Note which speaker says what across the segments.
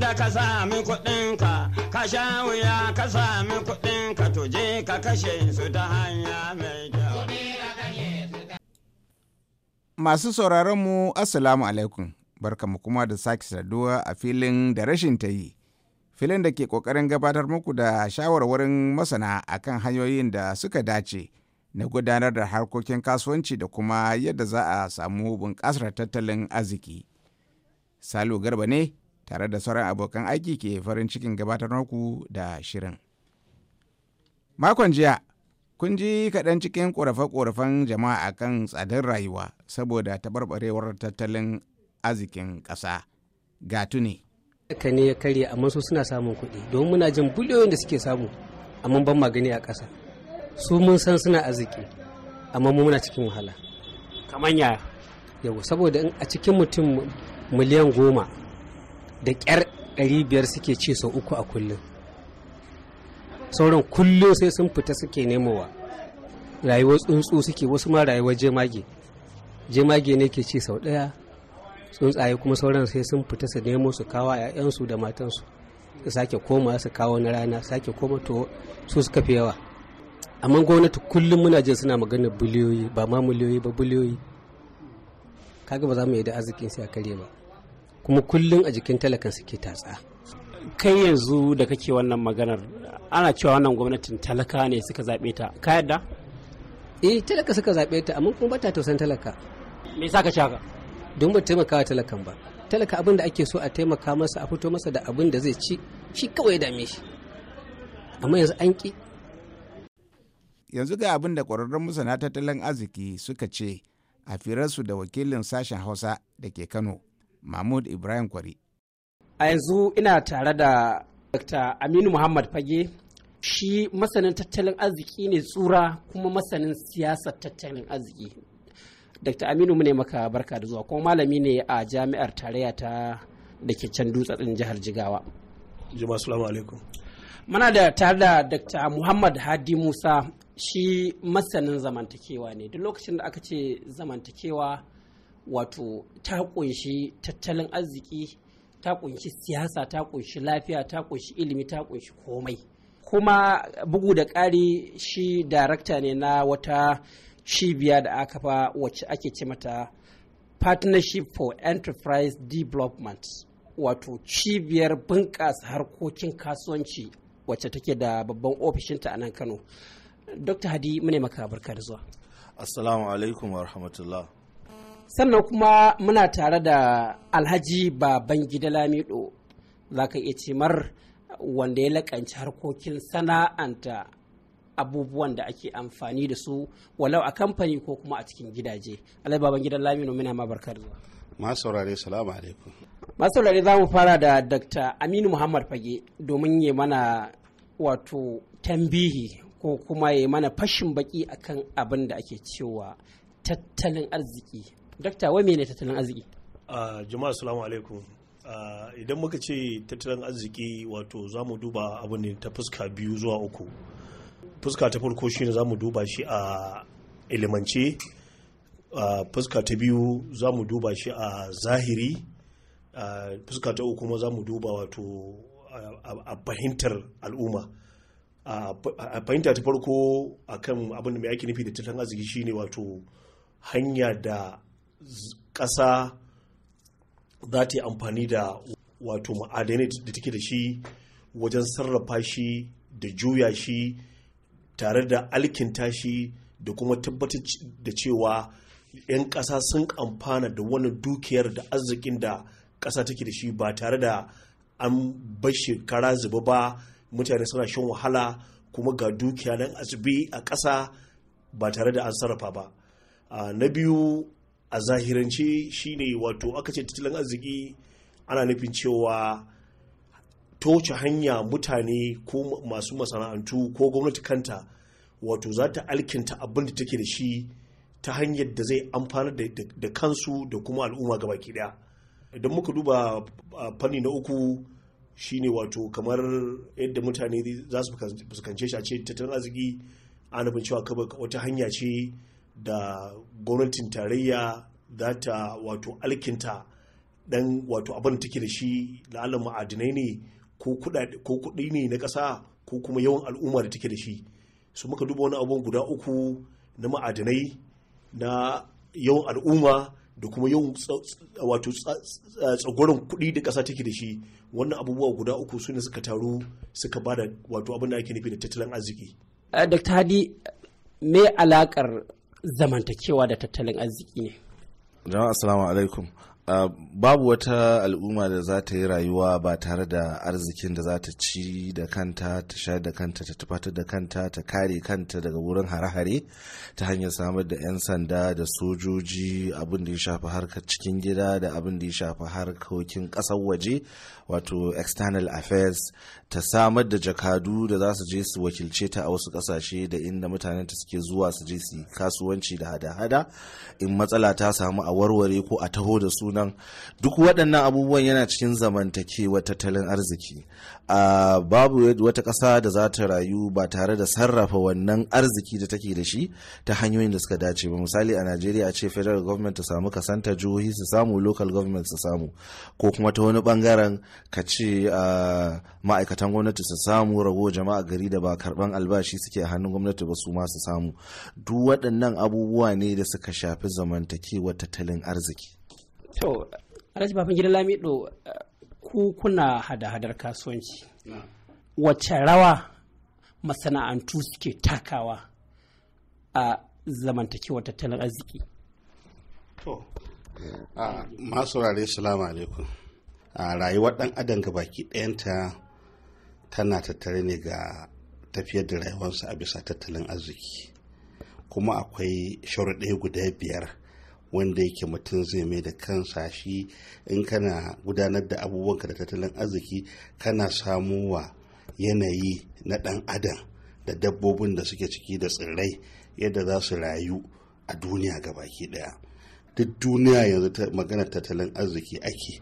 Speaker 1: da ka sami kuɗinka, ka sha wuya ka sami kuɗinka tuje ka kashe su ta
Speaker 2: hanya mai kyau. Masu sauraron mu Assalamu alaikum, barka mu kuma da sake saduwa a filin da rashin ta yi. Filin da ke ƙoƙarin gabatar muku da shawarwarin masana akan hanyoyin da suka dace. na gudanar da harkokin kasuwanci da kuma yadda za a samu bunƙasar tattalin arziki. salu Garba ne tare da sauran abokan aiki ke farin cikin gabatar muku da shirin. Makon jiya, kun ji kaɗan cikin ƙorafe-ƙorafen jama'a a kan tsadar rayuwa saboda taɓarɓarewar tattalin arzikin ƙasa. Ga tuni. Ka ne ya karya amma su
Speaker 1: suna samun kuɗi don muna jin biliyoyin da suke samu amma ban magani a ƙasa. Su mun san suna arziki amma mu muna cikin wahala. Kamar Yau saboda a cikin mutum miliyan goma da ƙyar biyar suke ci sau uku a kullum sauran kullum sai sun fita suke nemowa rayuwar tsuntsu suke wasu ma rayuwar jemage jemage ne ke ci sau ɗaya tsuntsaye kuma sauran sai sun fita su nemo su kawo 'ya'yansu da matansu su sake koma su kawo na rana sake koma to su suka fi yawa amma gwamnati kullum muna jin suna maganar biliyoyi ba ma miliyoyi ba biliyoyi kaga ba za mu yi da arzikin sai a kare ba kuma kullum a jikin talakan suke tatsa kai yanzu da kake wannan maganar ana cewa wannan gwamnatin talaka ne suka zaɓe ta ka yadda eh talaka suka zaɓe ta amma kuma bata tausan talaka me yasa ka haka don ba taimakawa talakan ba talaka abin da ake so a taimaka masa a fito masa da abin da zai ci shi kawai ya dame shi
Speaker 2: amma yanzu an ki yanzu ga abin da ƙwararrun masana tattalin arziki suka ce a firarsu da wakilin sashen hausa da ke kano mahmud ibrahim kwari a yanzu ina tare da
Speaker 1: dr aminu muhammad fage shi masanin tattalin arziki ne tsura kuma masanin siyasar tattalin arziki dr aminu mu ne maka barka da zuwa kuma malami ne a jami'ar tarayya ta da ke can dutsen jihar jigawa jama'a salamu alaikum muna da tare da dr muhammad hadi musa shi masanin zamantakewa ne duk lokacin da aka ce zamantakewa wato ta kunshi tattalin arziki ta kunshi siyasa ta kunshi lafiya ta kunshi ilimi ta kunshi komai kuma bugu da ƙari shi darakta ne na wata cibiya da aka fa wacce ake ce mata partnership for enterprise development wato cibiyar bunƙasa harkokin kasuwanci wacce take da babban ofishinta a nan kano dr hadi mune maka barka da zuwa
Speaker 3: assalamu alaikum wa rahmatullah
Speaker 1: sannan kuma muna tare da alhaji baban gida lamido za ka iya cimar wanda ya lakanci harkokin sana'anta abubuwan da ake amfani da su walau a kamfani ko kuma a cikin gidaje alhaji baban gidan lamido muna ma barkar zuwa
Speaker 4: masu saurare salamu alaikum
Speaker 1: masu saurare za mu fara da dr aminu muhammad fage domin ya mana wato tambihi ko kuma ya mana fashin baki akan abin da ake cewa tattalin arziki dakta wai ne tattalin
Speaker 5: arziki ah, jama'a salamu alaikum ah, idan muka ce tattalin arziki wato za mu duba abin ne ta fuska biyu zuwa uku fuska ta farko shi ne za mu duba shi a ilimance ah, fuska ta biyu za mu duba shi a zahiri fuska ta uku kuma za mu duba wato a fahimtar al'umma a fahimta ta farko akan abin da mai ake nufi da tattalin arziki shine wato hanya da ƙasa za ta yi amfani da wato ma'adanai da take da shi wajen sarrafa shi da juya shi tare da alkinta shi da kuma tabbatar da cewa 'yan ƙasa sun amfana da wannan dukiyar da arzikin da ƙasa take da shi ba tare da an bar shekara zuba ba mutane suna shan wahala kuma ga dukiya nan azubi a ƙasa ba tare da an sarrafa ba ah, na biyu a zahirance shine wato aka ce tattalin arziki ana nufin cewa ta hanya mutane ko masu masana'antu ko gwamnati kanta wato za ta alkinta abin da take da shi ta hanyar da zai amfanar da kansu da kuma al'umma gaba daya idan muka duba fanni na uku shine wato kamar yadda mutane za su fuskance shi a ce tattalin arziki ana nufin cewa wata hanya ce da gwamnatin tarayya za ta wato alkinta dan wato abin da take da shi la'alin ma'adinai ne ko kuɗi ne na ƙasa ko kuma yawan al'umma da take da shi su muka duba wani abubuwan guda uku na ma'adinai na yawan al'umma da kuma yawan wato tsagoron kuɗi da ƙasa take da shi wannan abubuwa guda uku su ne suka taru suka ba da wato abin da ake nufi da tattalin arziki. Eh, Dr. Hadi
Speaker 1: me alakar zamantakewa da tattalin arziki ne.
Speaker 3: Jama'a assalamu alaikum. Uh, babu wata al'umma da za ta yi rayuwa ba tare da arzikin da za ta ci da kanta ta sha da kanta ta tufatar da kanta ta kare kanta daga wurin hare-hare ta hanyar samar da 'yan sanda da sojoji abin da ya shafi harkar cikin gida da abin da ya shafi harkokin ƙasar waje wato external affairs ta samar da jakadu da za su je su wakilce ta a wasu ƙasashe da inda mutanen ta suke zuwa su je su kasuwanci da hada-hada in matsala ta samu a warware ko a taho da suna nan duk waɗannan abubuwan yana cikin zamantakewa tattalin arziki uh, babu wata ƙasa da za ta rayu ba tare da sarrafa wannan arziki da take da shi ta hanyoyin da suka dace ba misali a najeriya a ce federal government ta samu kasanta jihohi su samu local government su samu ko kuma ta wani bangaren ka ce uh, ma'aikatan gwamnati su samu rago jama'a gari da ba karban albashi suke a hannun gwamnati ba su ma su samu duk waɗannan abubuwa ne da suka shafi zamantakewa tattalin arziki
Speaker 1: to alhaji bafin gidan lamido ku kuna hada-hadar kasuwanci wacce rawa masana'antu suke takawa a zamantakewar tattalin arziki to masu
Speaker 4: rare salamu alaikum a rayuwar ɗan adam ga baki ɗayanta tana tattare ne ga tafiyar da rayuwarsa a bisa tattalin arziki kuma akwai sharuɗe guda biyar wanda yake mutum zai mai da kansa shi in kana gudanar da abubuwanka da tattalin arziki kana samowa yanayi na dan adam da dabbobin da suke ciki da tsirrai yadda za su rayu a duniya gabaki ɗaya duk duniya yanzu magana tattalin arziki ake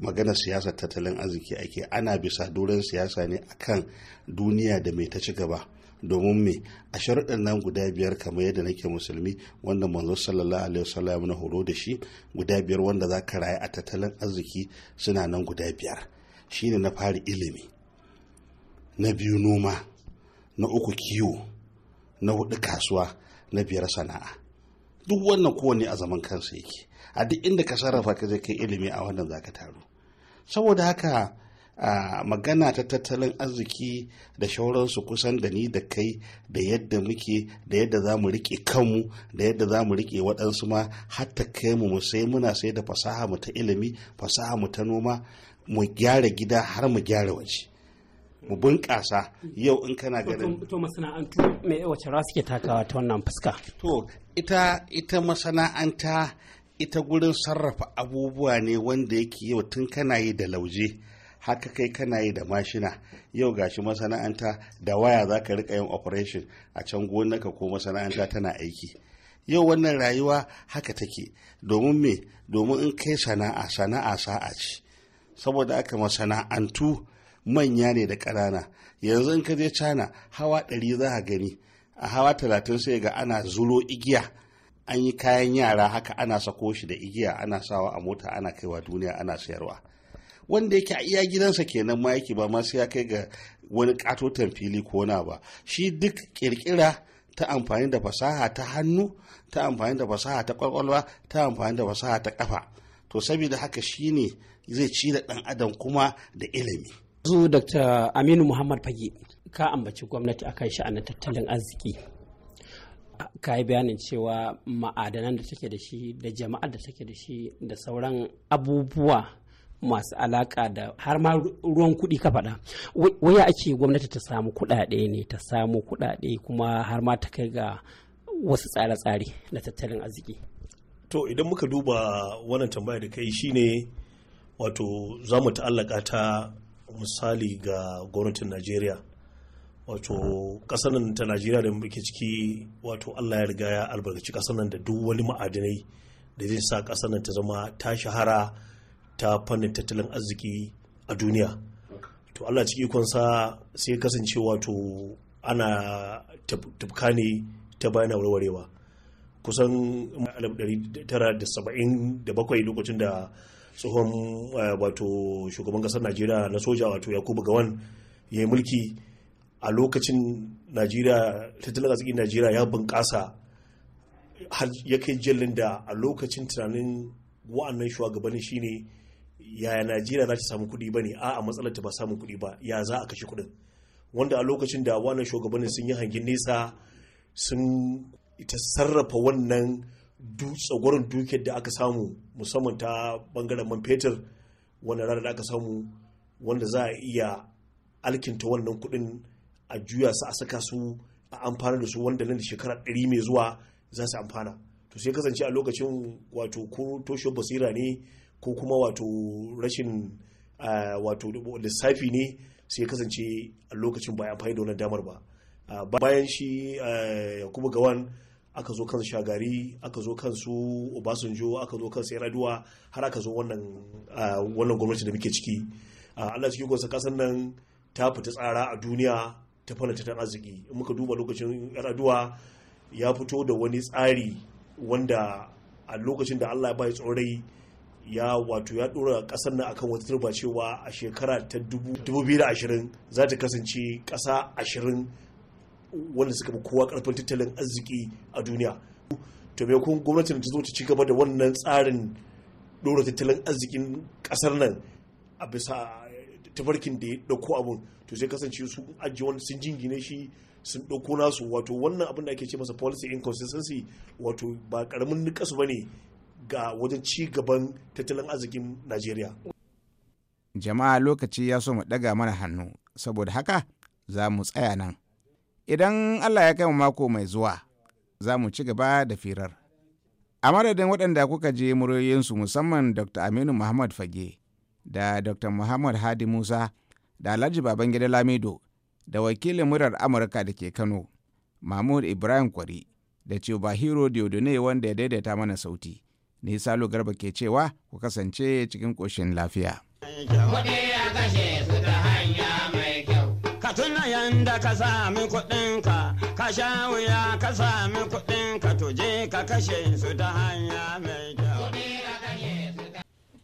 Speaker 4: magana siyasar tattalin arziki ake ana bisa doron siyasa ne akan duniya da mai ta ci gaba domin me a sharuɗan nan guda biyar kamar yadda nake musulmi wanda manzo sallallahu alaihi wasallam na horo da shi guda biyar wanda za ka rayu a tattalin arziki suna nan guda biyar shine na fari ilimi na biyu noma na uku kiwo na hudu kasuwa na biyar sana'a duk wannan kowanne a zaman kansa yake a duk inda ka sarrafa ka je kai ilimi a wannan zaka taru saboda haka a magana ta tattalin arziki da shauransu kusan da ni da kai da yadda muke da yadda za mu riƙe kanmu da yadda za mu riƙe waɗansu ma hatta kai mu sai muna sai da fasaha mu ta ilimi fasaha mu ta noma mu gyara gida har mu gyara waje mu bunƙasa yau in kana ganin
Speaker 1: to masana'antu me wace ra suke takawa
Speaker 4: ta wannan fuska to ita ita masana'anta ita gurin sarrafa abubuwa ne wanda yake yau tun kana yi da lauje haka kai kana yi da mashina yau gashi masana'anta da waya za ka rika yin operation a can gonaka ko masana'anta tana aiki yau wannan rayuwa haka take domin me domin in kai sana'a sana'a sa'a ce saboda aka masana'antu manya ne da ƙanana yanzu in ka je china hawa ɗari za a gani a hawa talatin sai ga ana zuro igiya an yi kayan yara haka ana sako shi da igiya ana sawa a mota ana kaiwa duniya ana sayarwa wanda yake a iya gidansa kenan ma yake ba ma sai ya kai ga wani katotan fili ko na ba shi duk kirkira ta amfani da fasaha ta hannu ta amfani da fasaha ta kwakwalwa ta amfani da fasaha ta kafa to saboda haka shi ne zai ci da dan adam kuma da ilimi
Speaker 1: zu dr aminu muhammad fage ka ambaci gwamnati akan sha'anin tattalin arziki ka yi bayanin cewa ma'adanan da take da shi da jama'ar da take da shi da sauran abubuwa masu alaka da har ma ruwan kuɗi ka faɗa waya ake gwamnati ta samu kuɗaɗe ne ta samu kuɗaɗe kuma har ma ta kai ga
Speaker 5: wasu tsare-tsare na tattalin arziki to idan muka duba wannan tambaya da kai shine wato za mu ta'allaka ta misali ga gwamnatin najeriya wato ƙasar nan ta najeriya da muke ciki wato allah ya riga ya albarkaci ƙasar nan da duk wani ma'adinai da zai sa ƙasar nan ta zama ta shahara ta fannin tattalin arziki a duniya to allah ciki ikonsa sai kasance wato ana tabka ne ta bayan warwarewa kusan 1977 lokacin da tsohon eh, wato shugaban kasar najeriya na soja wato yakubu gawan ya yi mulki a lokacin najeriya tattalin arzikin najeriya ya bunƙasa har ya kai jallin da a lokacin tunanin wa'annan shugabannin shine yaya najeriya za ta samu kuɗi ba ne a matsalar ta ba samun kuɗi ba ya za a kashe kuɗin wanda a lokacin da wannan shugabannin sun yi hangin nesa sun ita sarrafa wannan tsagoron dukiyar da aka samu musamman ta bangaren man fetur wannan rana da aka samu wanda za a iya alkinta wannan kuɗin a juya su a saka su a amfana da su wanda nan da shekara ɗari mai zuwa za su amfana to sai kasance a lokacin wato ko toshe basira ne ko kuma wato rashin wato lissafi ne sai kasance a lokacin ba amfani da wannan damar ba bayan shi yakubu gawan aka zo kan shagari aka zo kan obasanjo aka zo kan sayar aduwa har aka zo wannan gwamnati da muke ciki allah cikin gwamnati kasan nan ta fita tsara a duniya ta fana ta arziki in muka duba lokacin yaraduwa ya fito da wani tsari wanda a lokacin da allah ya bai tsorai ya wato ya dora kasar nan akan wata turba cewa a shekara ta 2020 za ta kasance kasa 20 wanda suka fi kowa karfin tattalin arziki a duniya to me kun gwamnatin ta zo ta ci gaba da wannan tsarin dora tattalin arzikin kasar nan a bisa tafarkin da ya dauko abun to sai kasance su ajiye wani sun jingine shi sun dauko nasu wato wannan abin da ake ce masa policy inconsistency wato ba karamin nikasu bane ga wajen ci gaban tattalin arzikin najeriya
Speaker 2: jama'a lokaci ya so mu ɗaga mana hannu saboda haka za mu tsaya nan idan allah ya kai mu mako mai zuwa za mu ci gaba da firar a madadin waɗanda kuka je muryoyinsu musamman dr aminu muhammad fage da dr muhammad hadi musa da alhaji babangida lamido da wakilin murar amurka da ke kano mahmud ibrahim kwari da ciobahiro diodone wanda ya daidaita mana sauti ne salo garba ke cewa ku kasance cikin ƙoshin lafiya.
Speaker 1: tuna yanda ka sami kuɗinka ka sha wuya ka sami
Speaker 3: kuɗinka to je ka kashe su ta hanya mai